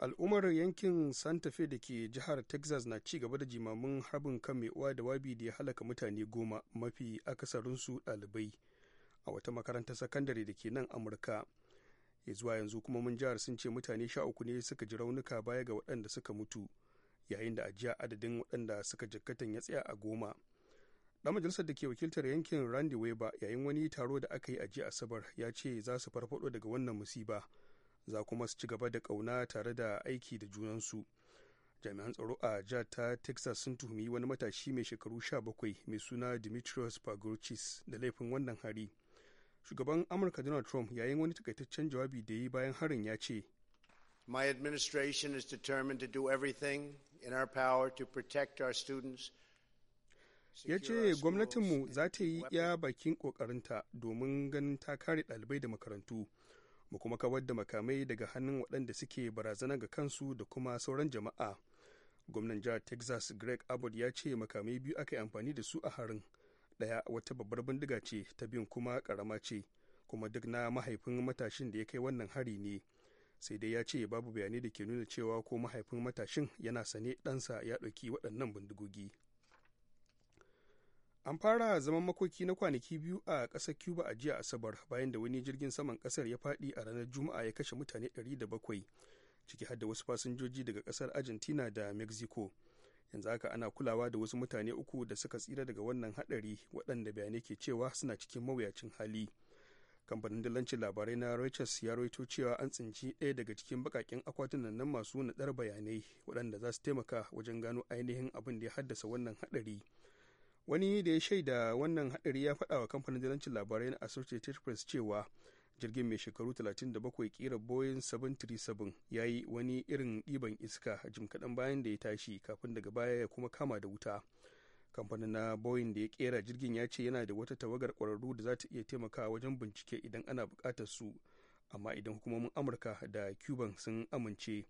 al'ummar yankin santa fe da ke jihar texas na ci gaba da jimamin harbin kan mai uwa da wabi da ya halaka mutane goma mafi akasarinsu ɗalibai a wata makarantar sakandare da ke nan amurka ya zuwa yanzu kuma mun jihar sun ce mutane sha uku ne suka ji raunuka baya ga waɗanda suka mutu yayin da ajiya adadin waɗanda suka jikkatan ya tsaya a goma ɗan majalisar da ke wakiltar yankin randy weber yayin wani taro da aka yi a jiya asabar ya ce za su farfado daga wannan musiba za kuma su ci gaba da ƙauna tare da aiki da junansu jami'an tsaro a jihar ta texas sun tuhumi wani matashi mai shekaru 17 mai suna dimitrios pagorchis da laifin wannan hari shugaban amurka donald trump yayin wani takaitaccen jawabi da yi bayan harin ya ce my administration is determined to do everything in our power to protect our students ya ce gwamnatinmu za ta yi iya bakin ƙoƙarinta domin ganin ta kare ɗalibai da makarantu mu kuma kawar da makamai daga hannun waɗanda suke barazana ga kansu da kuma sauran jama'a gwamnan jihar texas greg abbott ya ce makamai biyu aka yi amfani da su a harin ɗaya wata babbar bindiga ce ta biyun kuma karama ce kuma duk na mahaifin matashin da ya kai wannan hari ne sai dai ya ce babu bayanai da ke nuna cewa ko mahaifin matashin yana sane ɗansa ya ɗauki waɗannan bindigogi. an fara zaman makoki na kwanaki biyu a ƙasar cuba a jiya asabar bayan da wani jirgin saman ƙasar ya faɗi a ranar juma'a ya kashe mutane 700 ciki har da wasu fasinjoji daga ƙasar argentina da mexico yanzu haka ana kulawa da wasu mutane uku da suka tsira daga wannan haɗari waɗanda bayanai ke cewa suna cikin mawuyacin hali kamfanin dalancin labarai na reuters ya rawaito cewa an tsinci ɗaya daga cikin bakakin akwatin nan masu naɗar bayanai waɗanda za su taimaka wajen gano ainihin abin da ya haddasa wannan haɗari wani da ya shaida wannan hadari ya faɗa wa kamfanin dalancin labarai na associated press cewa jirgin mai shekaru 37 kira boeing 737 ya yi wani irin ɗiban iska jim kaɗan bayan da ya tashi kafin daga baya ya kuma kama da wuta kamfanin na boeing da ya kera jirgin ya ce yana da wata tawagar ƙwararru da za ta iya taimakawa wajen bincike idan ana buƙatar su amma idan hukumomin amurka da cuban sun amince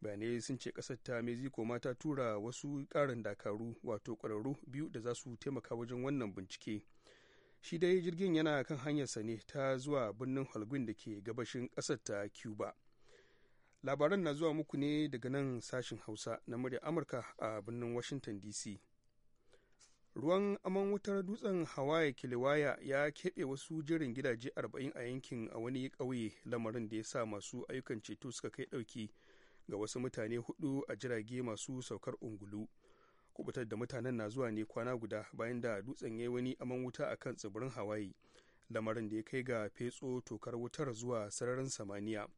bayanai sun ce kasar ta mexico ma ta tura wasu karin dakaru wato kwararru biyu da za su taimaka wajen wannan bincike shi dai jirgin yana kan hanyarsa ne ta zuwa birnin holguin da ke gabashin kasar ta cuba labaran na zuwa muku ne daga nan sashin hausa na murya amurka a birnin washington dc ruwan aman wutar dutsen hawaii kilewaya ya keɓe wasu jirin gidaje 40 a yankin a wani ƙauye lamarin da ya sa masu ayyukan ceto suka kai ɗauki ga wasu mutane hudu a jirage masu saukar ungulu kubutar da mutanen na zuwa ne kwana guda bayan da dutsen ya yi wani aman wuta a kan tsibirin hawaii lamarin da ya kai ga fetso tokar wutar zuwa sararin samaniya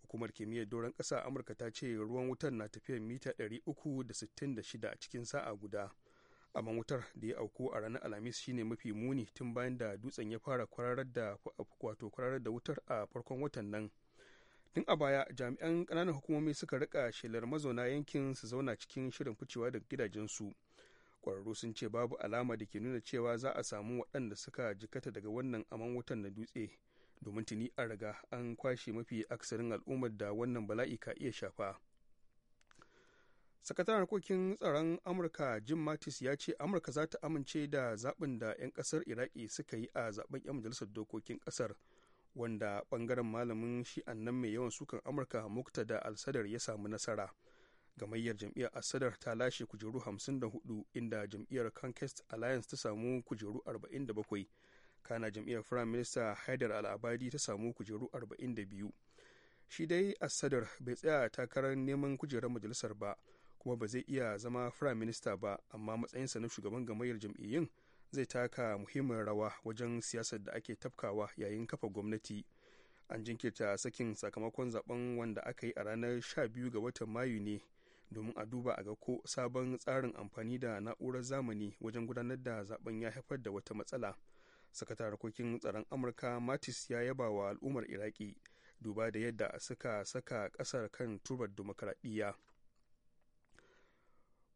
hukumar kimiyyar doron ƙasa amurka ta ce ruwan wutar na tafiyar mita 366 a cikin sa'a guda aman wutar da ya auku a ranar alhamis shine mafi muni tun bayan da dutsen ya fara kwararar da wutar a farkon watan nan tun a baya jami'an ƙananan hukumomi suka rika shelar mazauna yankin su zauna cikin shirin ficewa daga gidajensu ƙwararru sun ce babu alama da ke nuna cewa za a samu waɗanda suka jikata daga wannan aman wutan na dutse domin tuni a riga an kwashe mafi aksarin al'ummar da wannan bala'i ka iya shafa sakataren harkokin tsaron amurka jim mattis ya ce amurka za ta amince da zaɓin da 'yan ƙasar iraki suka yi a zaɓen 'yan majalisar dokokin ƙasar wanda ɓangaren malamin shi'an nan mai yawan sukan amurka muktada al-sadar ya samu nasara gamayyar jam'iyyar alsadar ta lashe kujeru 54 inda jam'iyyar conquest alliance ta samu kujeru 47 kana jam'iyyar prime minister haidar al'abadi ta samu kujeru 42 shi dai al-Sadar bai tsaya takarar neman kujerar majalisar ba kuma ba zai iya zama prime minister ba amma matsayinsa na shugaban gamayyar jam'iyyun zai taka muhimmin rawa wajen siyasar da ake tafkawa yayin kafa gwamnati an jinkirta sakin sakamakon zaben wanda aka yi a ranar 12 ga watan mayu ne domin a duba a ga ko sabon tsarin amfani da na'urar zamani wajen gudanar da zaben ya haifar da wata matsala sakatar harkokin tsaron amurka matis ya yaba wa al'ummar iraki duba da yadda suka saka kasar kan turbar dimokuraɗiyya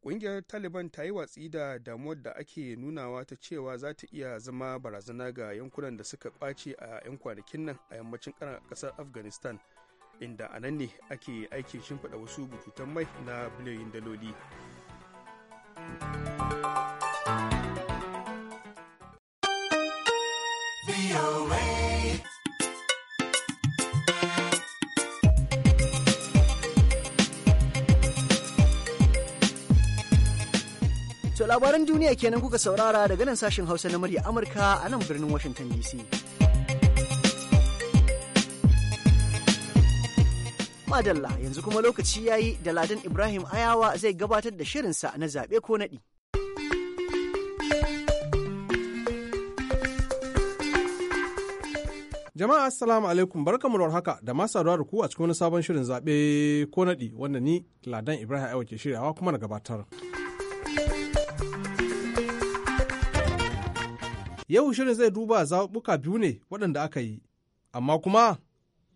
ƙungiyar taliban ta yi watsi da damuwar da ake nunawa ta cewa za ta iya zama barazana ga yankunan da suka ƙwace a 'yan kwanakin nan a yammacin ƙasar afghanistan inda a nan ne ake aikin shimfiɗa wasu bututun mai na biliyoyin daloli. labaran duniya kenan kuka saurara daga nan sashen Hausa na murya Amurka a nan birnin Washington DC. Madalla yanzu kuma lokaci yayi da Ladan Ibrahim Ayawa zai gabatar da shirinsa na zaɓe ko naɗi. Jama'a assalamu alaikum barkamu da warhaka da ma saduwa da ku a cikin wani sabon shirin zaɓe ko naɗi wanda ni Ladan Ibrahim Ayawa ke shiryawa kuma na gabatar. Yau shirin zai duba zaɓuɓɓuka biyu ne waɗanda aka yi, amma kuma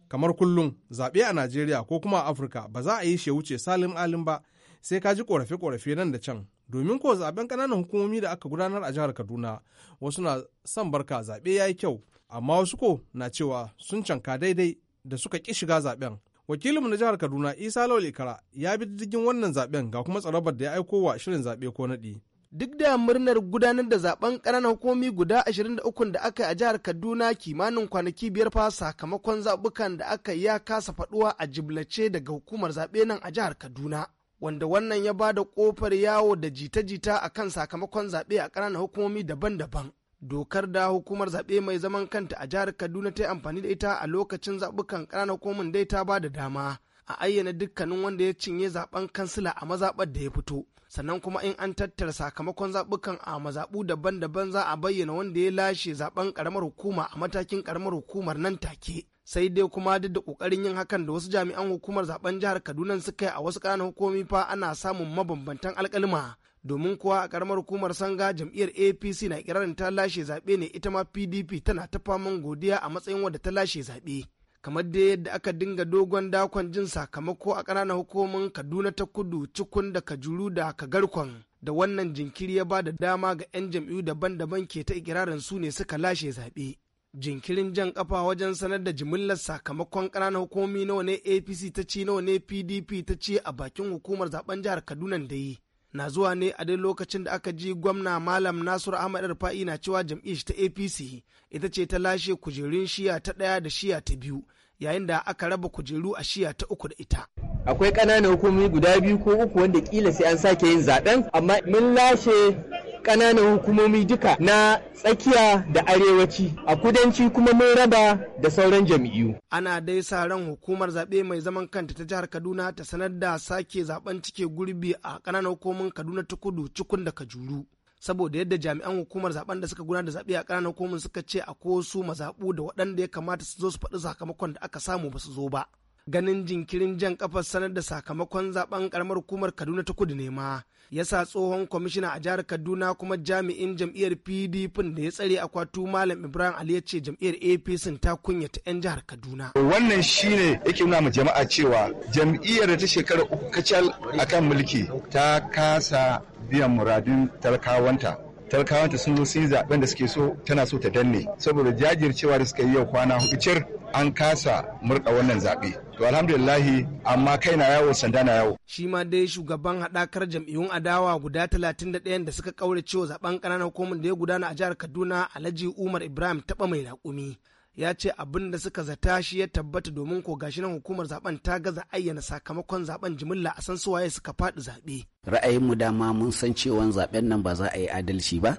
kamar kullum zaɓe a Najeriya ko kuma a Afirka ba za a yi shi wuce salim alim ba sai ka ji ƙorafe-ƙorafe nan da can. Domin ko zaɓen ƙananan hukumomi da aka gudanar a jihar Kaduna wasu na son barka zaɓe ya yi kyau amma wasu ko na cewa sun canka daidai da suka ƙi shiga zaɓen. Wakilinmu na jihar Kaduna Isa Lawal ya bi diddigin wannan zaɓen ga kuma tsarabar da ya aiko wa shirin zaɓe ko naɗi. duk da murnar gudanar da zaben ƙananan hukumomi guda 23 da aka yi a jihar kaduna kimanin kwanaki biyar fa sakamakon zabukan da aka yi ya kasa faduwa a jiblace daga hukumar zaɓe nan a jihar kaduna wanda wannan ya ba da ƙofar yawo da jita-jita a kan sakamakon zaɓe a ƙananan hukumomi daban-daban dokar da hukumar zaɓe mai zaman kanta a jihar kaduna ta yi amfani da ita a lokacin zabukan ƙananan hukumomin dai ta ba da dama a ayyana dukkanin wanda ya cinye zaben kansila a mazaɓar da ya fito sannan kuma in an tattara sakamakon zaɓukan a mazaɓu daban-daban za a bayyana wanda ya lashe zaben ƙaramar hukuma a matakin ƙaramar hukumar nan take sai dai kuma duk da kokarin yin hakan da wasu jami'an hukumar zaben jihar kaduna suka yi a wasu ƙananan hukumomi fa ana samun mabambantan alƙalma domin kuwa a ƙaramar hukumar sanga jam'iyyar apc na kirarin ta lashe zaɓe ne ita ma pdp tana ta faman godiya a matsayin wadda ta lashe zaɓe kamar dai yadda aka dinga dogon dakon jin sakamako a ƙananan hukumomin kaduna ta kudu Cukun, da kajuru da kagarkon da wannan jinkiri ya ba da dama ga 'yan jam'iyyu daban-daban ke ta ikirarin su ne suka lashe zaɓe jinkirin jan kafa wajen sanar da jimillar sakamakon ƙananan hukumomi nawa ne apc ta ci nawa ne pdp ta ci a bakin hukumar zaben jihar kaduna da yi na zuwa ne a dai lokacin da aka ji gwamna malam nasiru ahmad rufa'i na cewa jam'iyyar ta apc ita ce ta lashe kujerun shiya ta ɗaya da shiya ta biyu yayin da aka raba kujeru a shiya ta uku da ita. Akwai ƙananan hukumomi guda biyu ko uku wanda kila sai an sake yin zaɓen amma mun lashe ƙananan hukumomi duka na tsakiya da arewaci a kudanci kuma mun raba da sauran jam'iyyu. Ana dai sa ran hukumar zaɓe mai zaman kanta ta jihar Kaduna ta sanar da sake zaben cike gurbi a ƙananan hukumomin Kaduna ta kudu cikun da Kajuru. saboda yadda jami'an hukumar zaben da suka gudanar da zaɓe a ƙananan hukumar suka ce a ko su mazaɓu da waɗanda ya kamata su zo su faɗi sakamakon da aka samu ba su zo ba. ganin jinkirin jan kafar sanar da sakamakon zaben karamar hukumar kaduna ta kudu ne ma ya sa tsohon kwamishina a jihar kaduna kuma jami'in jam'iyyar pdp da ya tsare a Kwatu malam ibrahim ali ya ce jam'iyyar apc ta kunyata 'yan jihar kaduna wannan shine yake nuna ma jama'a cewa jam'iyyar da ta shekara uku kacal akan mulki ta kasa biyan muradun talakawanta talakawanta sun zo sun zaben da suke so tana so ta danne saboda jajircewa da suka yi yau kwana hudu an kasa murka wannan zaɓe. To alhamdulillahi amma kai na yawo sanda na yawo. Shi ma dai shugaban haɗakar jam'iyyun adawa guda talatin da da suka kaure cewa zaben ƙananan hukumar da ya gudana a jihar Kaduna Alhaji Umar Ibrahim taɓa mai raƙumi. Ya ce abin da suka zata shi ya tabbata domin ko gashi nan hukumar zaben ta gaza ayyana sakamakon zaben jimilla a san suwaye suka faɗi zaɓe. Ra'ayinmu dama mun san cewa zaben nan ba za a yi adalci ba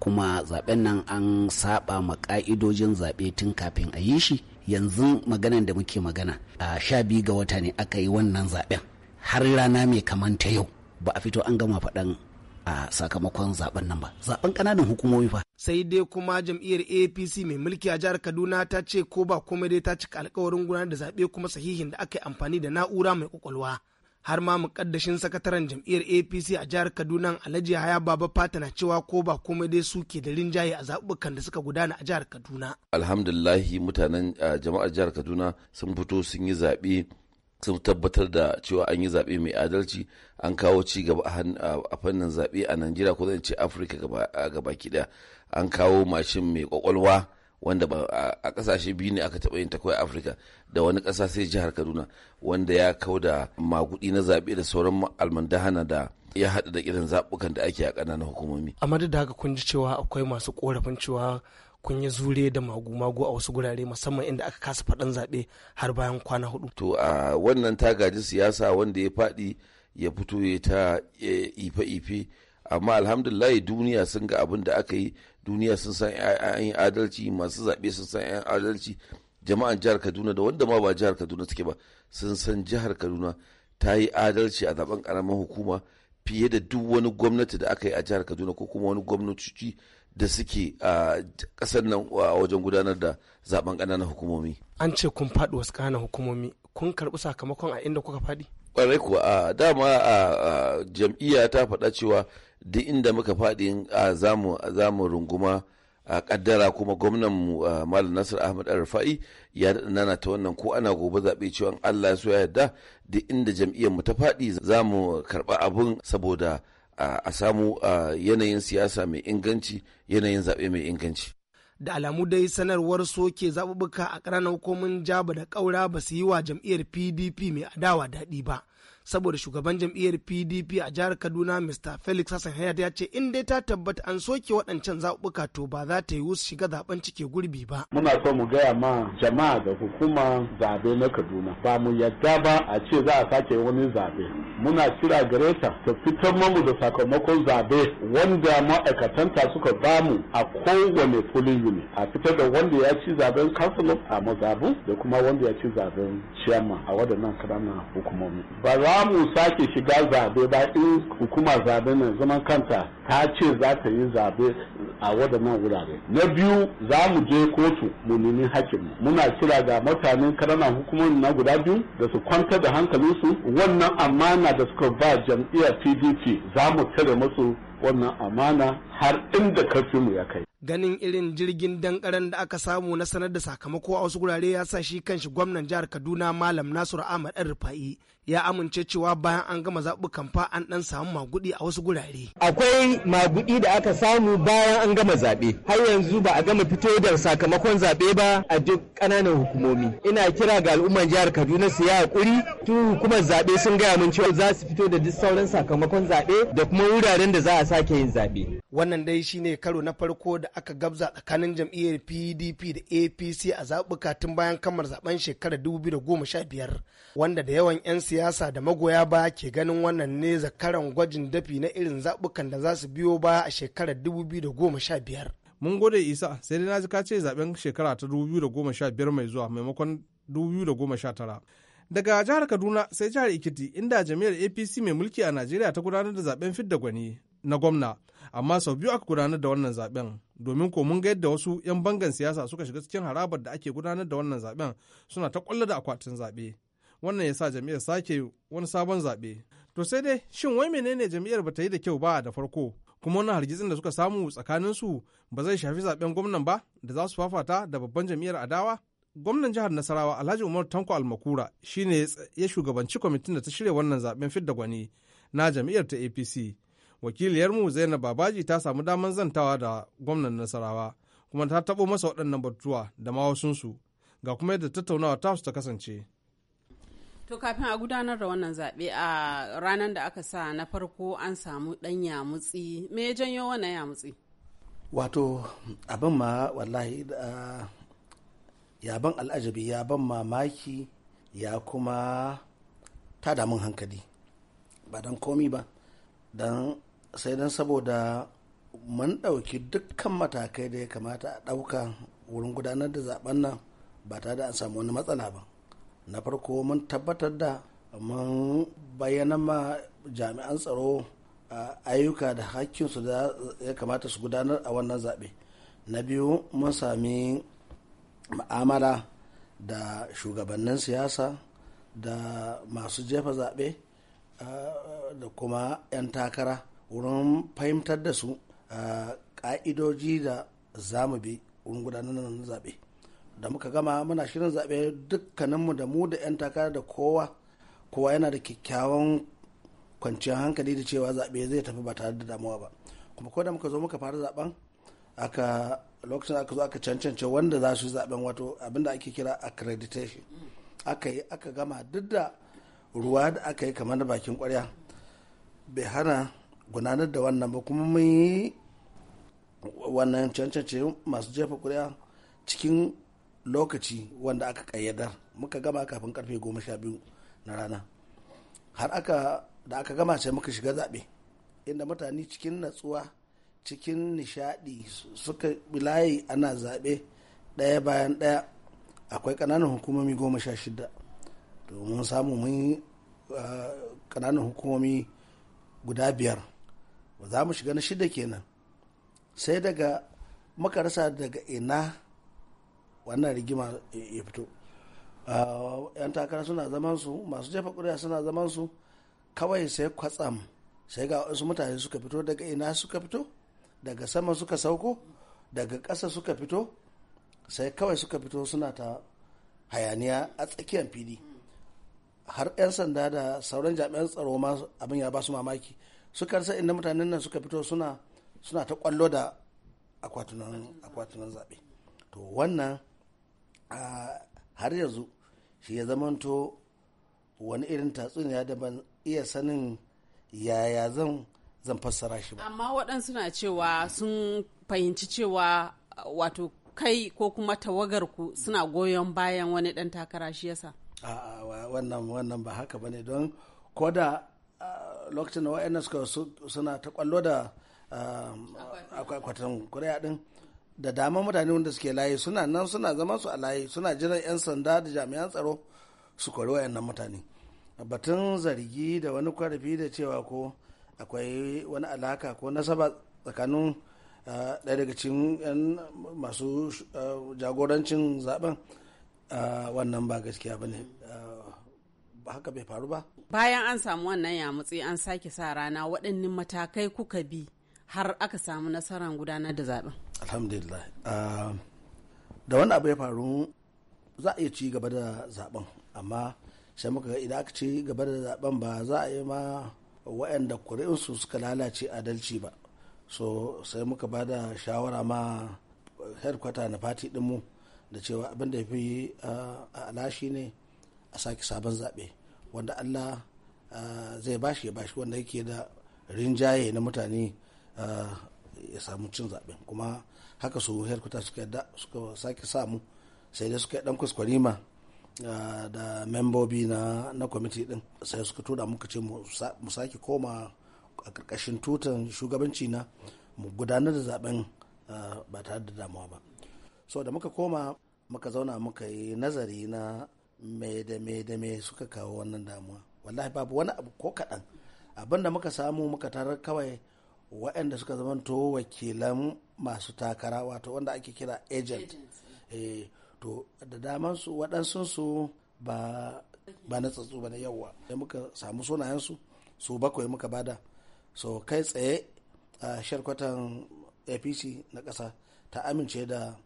kuma zaben nan an saba ma ƙa'idojin zaɓe tun kafin a yi shi. yanzu maganan da muke magana a sha biyu ga wata ne aka yi wannan zaben har rana mai kaman ta yau ba a fito an gama faɗan a sakamakon zaben nan ba zaben ƙananan hukumomi fa sai dai kuma jam'iyyar apc mai mulki a jihar kaduna ta ce ko ba komai dai ta cika alkawarin gudanar da zaɓe kuma sahihin da aka yi amfani da na'ura mai kwakwalwa har ma mukaddashin sakataren jam'iyyar apc a jihar kaduna alhaji haya baba fata na cewa ko ba komai dai suke da rinjaye a zaɓuɓɓukan da suka gudana a jihar kaduna alhamdulillahi mutanen jama'ar jihar kaduna sun fito sun yi zaɓe sun tabbatar da cewa an yi zaɓe mai adalci an kawo ci gaba a fannin zaɓe a najeriya ko zan ce afirka gaba ɗaya an kawo mashin mai kwakwalwa wanda ba a kasashe biyu ne aka taɓa yin ta kawai afirka da wani ƙasa sai jihar kaduna wanda ya kau da magudi na zaɓe da sauran almandahana da ya haɗu da irin zaɓukan da ake a ƙananan hukumomi amma duk da haka kun ji cewa akwai masu ƙorafin cewa kun yi zure da magu-magu a wasu gurare musamman inda aka kasa faɗan zaɓe har bayan kwana hudu. To a wannan tagaji siyasa wanda ya faɗi ya fito ya ta ife-ife amma alhamdulillah duniya sun ga abin da aka yi duniya sun san yan adalci masu zaɓe sun san yan adalci jama'an jihar kaduna da wanda ma ba jihar kaduna suke ba sun san jihar kaduna ta yi adalci a zaben karamin hukuma fiye da duk wani gwamnati da aka yi a jihar kaduna ko kuma wani gwamnatoci da suke a ƙasar nan wajen gudanar da zaben ƙananan hukumomi an ce kun faɗi wasu ƙananan hukumomi kun karɓi sakamakon a inda kuka faɗi kwarai kuwa a dama a jam'iyya ta faɗa cewa duk inda muka faɗi zamu runguma a kaddara kuma gwamnan mu Malam Nasir Ahmad Arfa'i ya nana ta wannan ko ana gobe zaɓe cewa Allah ya yarda duk inda jam'iyyar mu ta faɗi za mu karɓa abun saboda a samu yanayin siyasa mai inganci yanayin zaɓe mai inganci. Da alamu dai sanarwar soke zaɓuɓɓuka a ƙananan hukumin jaba da ƙaura ba su yi wa jam'iyyar PDP mai adawa daɗi ba. saboda shugaban jam'iyyar pdp a jihar kaduna mr felix hassan hayat ya ce in dai ta tabbata an soke waɗancan zaɓuka to ba za ta yiwu su shiga zaɓen cike gurbi ba muna so mu gaya ma jama'a da hukuma zabe na kaduna ba mu yadda ba a ce za a sake wani zabe muna kira gare ta ta fitar mamu da sakamakon zabe wanda ma'aikatanta suka ba mu a kowane polling a fitar da wanda ya ci zaben councilor a mazabu da kuma wanda ya ci zaben ciyama a waɗannan ƙananan hukumomi ba za mu sake shiga zabe ba in hukumar zabe nan zaman kanta ta ce za ta yi zabe a waɗannan wurare na biyu za mu je kotu mu nemi hakimu muna kira ga mutanen karanan hukumomi na guda biyu da su kwantar da hankalinsu wannan amana da suka ba jam'iyyar pdp za mu tare masu. wannan amana har inda mu ya kai. Ganin irin jirgin dankaren da aka samu na sanar da sakamako a wasu gurare ya sa shi kanshi gwamnan jihar Kaduna Malam Nasiru Ahmad ɗan Rufa'i ya amince cewa bayan an gama zaɓukan kamfa an ɗan samu magudi a wasu gurare. Akwai magudi da aka samu bayan an gama zaɓe. Har yanzu ba a gama fito da sakamakon zaɓe ba a duk ƙananan hukumomi. Ina kira ga al'umman jihar Kaduna su yi haƙuri. Tun hukumar zaɓe sun gaya min cewa za su fito da duk sauran sakamakon zaɓe da kuma wuraren da za a sake yin zaɓe. Wannan dai shine karo na farko da aka gabza tsakanin jam'iyyar PDP da APC a zaɓuka tun bayan kammar zaben shekarar 2015 wanda da yawan 'yan siyasa da magoya ba ke ganin wannan ne zakaran gwajin dafi na irin zaɓukan da za su biyo ba a shekarar 2015. Mun gode Isa sai dai na ji ka ce zaben shekara ta 2015 mai zuwa maimakon 2019. daga jihar kaduna sai jihar ikiti inda jami'ar apc mai mulki a najeriya ta gudanar da zaben fidda gwani na gwamna amma sau biyu aka gudanar da wannan zaben domin ko mun ga yadda wasu 'yan bangan siyasa suka shiga cikin harabar da ake gudanar da wannan zaben suna ta kwallo da akwatin zaɓe wannan yasa sa jam'iyyar sake wani sabon zaɓe to sai dai shin wai menene jam'iyyar ba ta yi da kyau ba da farko kuma wani hargitsin da suka samu tsakanin su ba zai shafi zaben gwamnan ba da za su fafata da babban jam'iyyar adawa gwamnan jihar nasarawa alhaji umar tanko almakura shine ya shugabanci kwamitin da ta shirya wannan zaben fidda gwani na jam'iyyar ta apc wakiliyarmu zainab babaji ta samu damar zantawa da gwamnan nasarawa kuma ta taɓo masa waɗannan batutuwa da ma wasunsu ga kuma yadda tattaunawa tasu ta kasance to kafin a gudanar da wannan zaɓe a ranar da aka sa na farko an samu ɗan yamutsi me ya janyo wannan yamutsi wato abin ma wallahi yaban al'ajabi yaban mamaki ya kuma ta damun hankali ba don komi ba don sai dan saboda mun ɗauki dukkan matakai da ya kamata a ɗauka wurin gudanar da zaben nan ba tare da an samu wani matsala ba na farko mun tabbatar da mun bayyana ma jami'an tsaro ayyuka da hakkinsu da ya kamata su gudanar a wannan zaɓe na biyu mun sami ma'amala da shugabannin siyasa da masu jefa zaɓe da kuma 'yan takara wurin fahimtar da su ka'idoji da za mu bi wurin gudanar da zaɓe da muka gama muna shirin zaɓe dukkaninmu da mu da 'yan takara da kowa kowa yana da kyakkyawan kwanciyar hankali da cewa zaɓe zai tafi ba tare da damuwa ba kuma ko da muka zo muka fara zaɓen aka lokacin aka zo aka cancance wanda za su zaɓen wato abinda ake kira accreditation aka yi aka gama duk da ruwa da aka yi kamar da bakin kwarya bai hana gudanar da wannan ba kuma mun yi wannan cancance masu jefa kuri'a cikin lokaci wanda aka kayyadar muka gama kafin karfe goma sha biyu na rana har aka da aka gama sai muka shiga zaɓe inda mutane cikin natsuwa cikin nishadi suka bilayi ana zaɓe ɗaya bayan ɗaya akwai ƙananan hukumomi goma sha shida domin samu mun yi ah, ƙananan hukumomi guda biyar za mu shiga na shida kenan sai daga muka rasa daga ina wannan rigima ya fito ah, yan takara suna zaman su masu jefa ƙuri'a suna zaman su kawai sai kwatsam sai ga wasu mutane suka fito daga ina suka fito daga sama suka sauko daga ƙasa suka fito sai kawai suka fito suna ta hayaniya a tsakiyar fili har 'yan sanda da sauran jami'an tsaro abin ya ba su mamaki suka rasa inda mutanen nan suka fito suna suna ta kwallo da akwatunan zaɓe to wannan har yanzu shi ya zamanto wani irin tatsuniya da ban iya sanin yaya zan zan fassara shi ba amma waɗansu na cewa sun fahimci cewa wato kai ko kuma tawagar ku suna goyon bayan wani ɗan takara shi yasa a wannan ba haka bane don koda lokacin da wa'annan suka suna ta kwallo da ah, akwatin kuri'a din da dama mutane wanda suke layi suna nan suna zama su a layi suna jiran 'yan sanda da jami'an tsaro su kori wa'annan mutane batun zargi da wani kwarfi da cewa ko akwai wani alaka ko nasaba tsakanin ah, ɗaya daga cikin 'yan masu ah, jagorancin zaben wannan ba gaskiya ba ne haka bai faru ba bayan an samu wannan mutsi an sake sa rana waɗannan matakai kuka bi har aka samu nasarar gudanar da zaben alhamdulillah ah, da wani abu ya faru za a iya ci gaba da zaben amma sai muka ga idan aka ci gaba da zaben ba za a yi ma waɗanda kuri'unsu suka lalace adalci ba so sai muka ba da shawara ma headquarter na fati ɗinmu da cewa abin da ya fi ah, alashi ne a sake sabon zaɓe wanda allah ah, zai bashi ya bashi wanda yake da rinjaye na mutane ah, ya samu cin zaɓen kuma haka su kuta suka sake samu sai dai suka dan kuskwarima ah, da membobi na kwamiti din sai suka tura muka ce mu sake koma a ƙarƙashin tutan shugabanci na mu gudanar da zaɓen ba tare da damuwa ba so da muka koma muka zauna muka yi nazari na me da me da me suka kawo wannan damuwa wallahi babu wani abu ko kaɗan abin da muka samu muka tarar kawai waɗanda suka zamanto wakilan masu takara wato wanda ake kira agent e, to da daman su waɗansunsu ba ba na tsatsu ba na yawa da muka samu sunayensu su bakwai muka bada so kai tsaye a sharkwatan apc na ƙasa ta amince da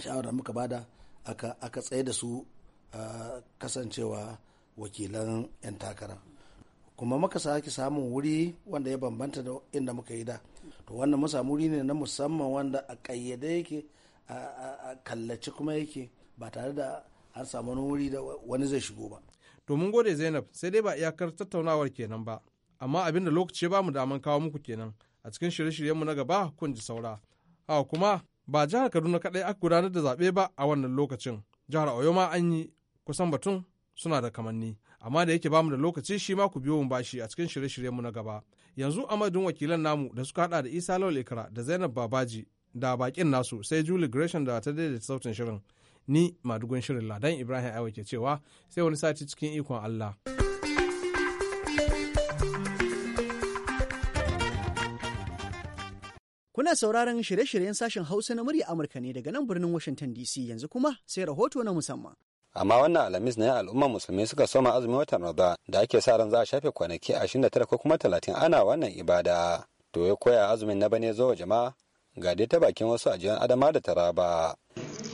shawarar muka bada aka tsaye da su kasancewa wakilan 'yan takara kuma muka sake samun wuri wanda ya bambanta da inda muka yi da to wannan mu samu wuri ne na musamman wanda a kayyade yake a kallaci kuma yake ba tare da an samu wuri da wani zai shigo ba to gode zainab sai dai ba iyakar tattaunawar kenan ba amma abinda lokaci ba mu daman kawo muku kenan a cikin shirye-shiryenmu na gaba kun ji saura a kuma ba jihar kaduna kadai aka gudanar da zaɓe ba a wannan lokacin jihar oyo ma an yi kusan batun suna da kamanni amma da yake bamu da lokaci shi ma ku biyo mu bashi a cikin shirye-shiryenmu na gaba yanzu madadin wakilan namu da suka hada da isa lawal ikra da zainab babaji da bakin nasu sai julie gresham da ta daidaita sautin shirin ni madugun shirin ladan ibrahim aiwa ke cewa sai wani sati cikin ikon allah Kuna sauraron shirye-shiryen sashen Hausa na murya Amurka ne daga nan birnin Washington DC yanzu kuma sai rahoto na musamman. amma wannan alhamis ne al'ummar musulmi suka soma azumin watan raba da ake sa ran za a shafe kwanaki 29 ko kuma talatin ana wannan ibada to ya koya azumin na bane zo jama'a ga dai ta bakin wasu ajiyar adama da taraba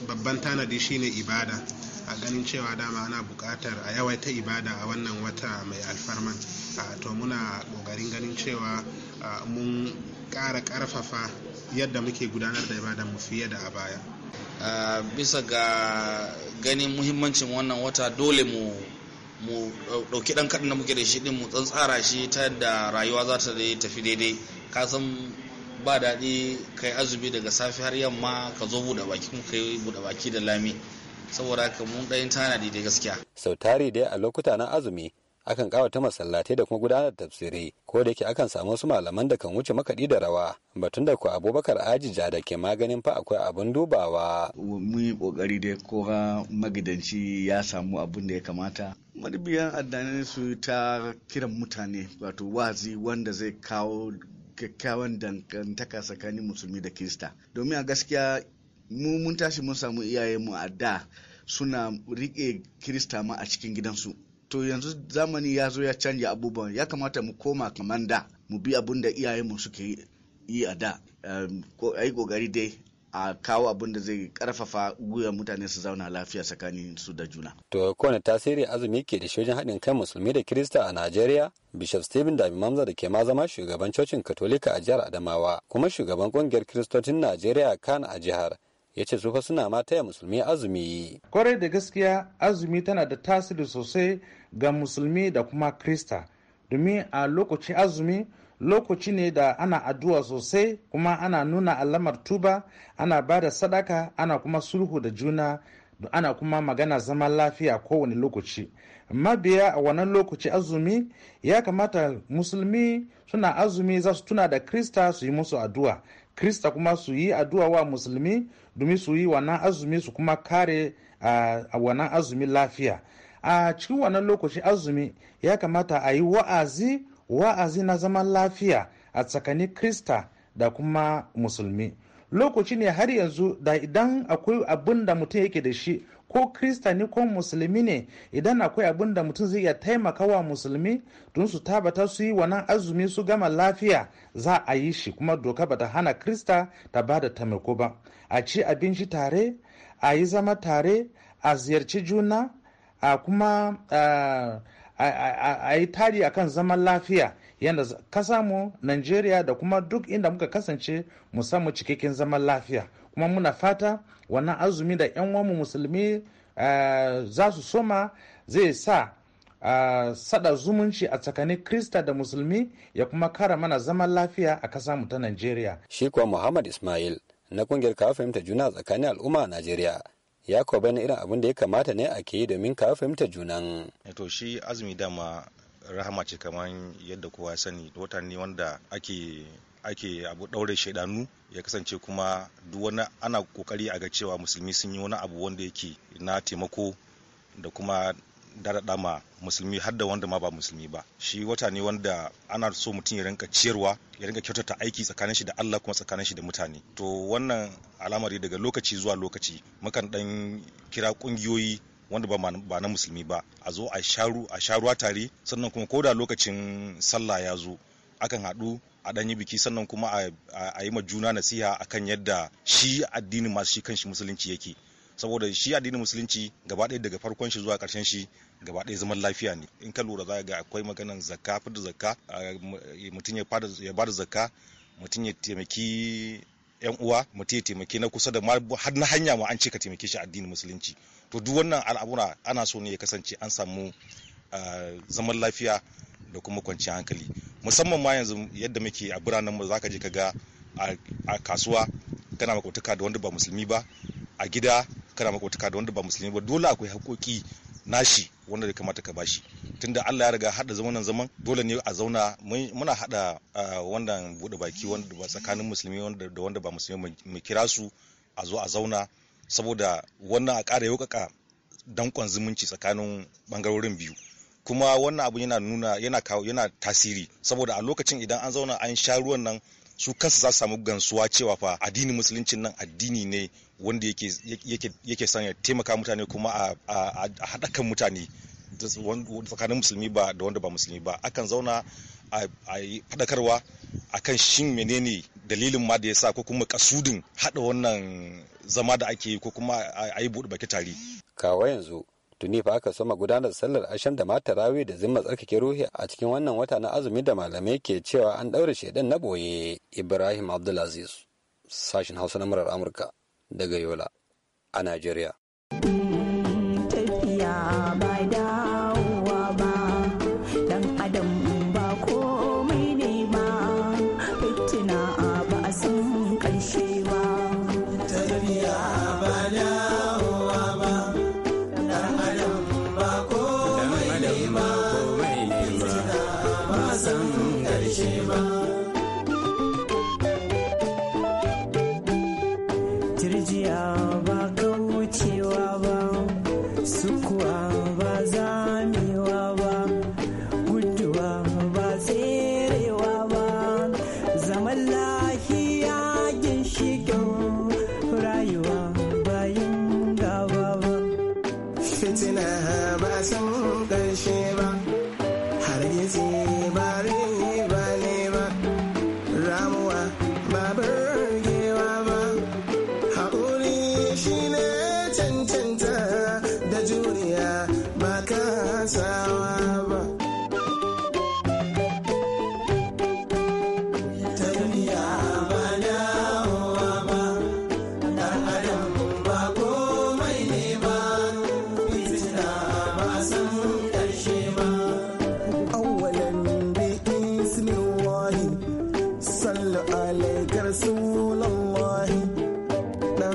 babban tanadi shine ibada a ganin cewa dama ana bukatar a yawaita ibada a wannan wata mai alfarman to muna ƙoƙarin ganin cewa mun ƙara ƙarfafa yadda muke gudanar da ibada mu fiye da a baya Eh, bisa ga ganin muhimmancin wannan wata dole mu mu ɗauki ɗan kaɗan da muke da shi din mu tsantsara shi ta yadda rayuwa za ta tafi daidai ka san ba daɗi kai azumi daga safe har yamma ka zo buɗe baki kuma kai buɗe baki da lami saboda haka mun ɗayin tanadi da gaskiya sau tari dai a lokuta na azumi akan kawata masallatai da kuma gudanar da tafsirai ko da yake akan samu wasu malaman da kan wuce makaɗi da rawa batun da ku abubakar ajija da ke maganin fa akwai abin dubawa. Mun yi kokari dai ko magidanci ya samu abin da ya kamata madubiyan addinai su ta kiran mutane wato wazi wanda zai kawo kyakkyawan dangantaka tsakanin musulmi da kirista domin a gaskiya mu mun tashi mun samu iyayenmu a da suna rike kirista ma a cikin gidansu to yanzu zamani ya zo ya canja abubuwan ya kamata mu koma kamar da mu bi abin da iyayenmu suke yi a da a yi gogari dai a kawo abin da zai karfafa gwiwa mutane su zauna lafiya tsakanin su da juna. To kowane tasiri azumi ke da shojin haɗin kan musulmi da kirista a Najeriya, Bishop Stephen Dami Mamza da ke ma zama shugaban cocin Katolika a jihar Adamawa, kuma shugaban ƙungiyar kiristocin Najeriya kan a jihar. ya ce su suna ma taya musulmi azumi. Kwarai da gaskiya azumi tana da tasiri sosai ga musulmi da kuma krista domin a lokaci azumi lokaci ne da ana addu'a sosai kuma ana nuna alamar tuba ana ba da sadaka ana kuma sulhu da juna ana kuma magana zaman lafiya kowane lokaci mabiya a wannan lokaci azumi ya kamata musulmi suna azumi za su tuna da krista su yi musu addu'a krista kuma su yi addu'a wa musulmi domin su yi wannan azumi su kuma kare a wannan azumi lafiya a cikin wannan lokaci azumi ya kamata a yi wa'azi wa'azi na zaman lafiya a tsakanin krista da kuma musulmi lokaci ne har yanzu da idan akwai abin da mutum yake da shi ko krista ne ko musulmi ne idan akwai abin da mutum zai iya wa musulmi don su tabata su yi wannan azumi su gama lafiya za a yi shi kuma doka bata hana krista ta ba da taimako ba a ci abinci tare a yi zama tare a ziyarci juna a kuma a yi tari akan zaman lafiya yadda ka samu Najeriya da kuma duk inda muka kasance mu samu cikakken zaman lafiya kuma muna fata wannan azumi da 'yan uwanmu musulmi eh, za su soma zai sa a eh, sada zumunci a tsakanin krista da musulmi ya kuma kara mana zaman lafiya a kasa mu ta nigeria. shi kuwa muhammad ismail na kungiyar kawo fahimta juna tsakanin al'umma a nigeria ya kuwa bayan irin abin da ya kamata ne a yi domin kawo fahimta junan eh, to shi azumi dama rahama ce kamar yadda kowa sani wata ne wanda ake ake abu ɗaure shaidanu ya kasance kuma duk wani ana kokari a ga cewa musulmi sun yi wani abu wanda yake na taimako da kuma daɗaɗa ma musulmi har da wanda ma ba musulmi ba shi wata ne wanda ana so mutum ya rinka ciyarwa ya rinka kyautata aiki tsakanin shi da Allah kuma tsakanin shi da mutane to wannan alamari daga lokaci zuwa lokaci mukan dan kira kungiyoyi wanda ba na musulmi ba a zo a sharu a sharuwa tare sannan kuma ko da lokacin sallah ya zo akan haɗu a ɗanyi biki sannan kuma a yi ma juna nasiha akan yadda shi addinin masu shi kanshi musulunci yake saboda shi addinin musulunci gaba ɗaya daga farkon shi zuwa ƙarshen shi gaba ɗaya zaman lafiya ne in ka lura za ga akwai maganan zakka fidda zakka e, mutum ya bada zakka mutum ya taimaki yan uwa mutum ya taimaki na kusa da har na hanya ma an ce ka taimake shi addinin musulunci to duk wannan al'amura ana so ne ya kasance an samu zaman lafiya da kuma kwanciyar hankali musamman ma yanzu yadda muke a biranen mu zaka je ka ga a kasuwa kana makwataka da wanda ba musulmi ba a gida kana makwataka da wanda ba musulmi ba dole akwai hakoki nashi wanda da kamata ka bashi tunda Allah ya riga hada zamanan zaman dole ne a zauna muna hada wannan bude baki wanda ba tsakanin musulmi da wanda ba musulmi mu kira su a zo a zauna saboda wannan a ƙara yaukaka dankon zumunci tsakanin bangarorin biyu kuma wannan abu yana nuna yana kawo yana tasiri saboda a lokacin idan an zauna an sha ruwan nan su kansu za su samu gansuwa cewa fa addinin musuluncin nan addini ne wanda yake yake yake son ya taimaka mutane kuma a haɗa kan mutane tsakanin musulmi ba da wanda ba musulmi ba akan zauna a yi faɗakarwa akan shin menene dalilin ma da ya sa ko kuma kasudin haɗa wannan zama da ake yi ko kuma a yi buɗe baki tari. kawo yanzu tuni fa aka soma gudanar sallar ashen da mata rawi da zimma tsarkake ruhi a cikin wannan wata na azumi da malamai ke cewa an ɗaure shaidan na boye ibrahim abdulaziz sashen hausa na murar amurka daga yola a najeriya Sua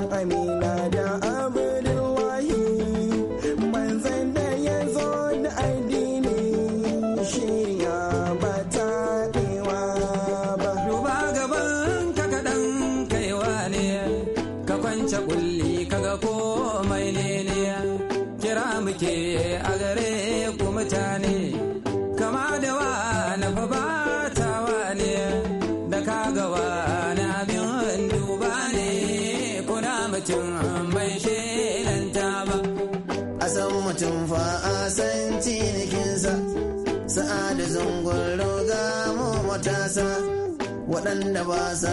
I amina da wanda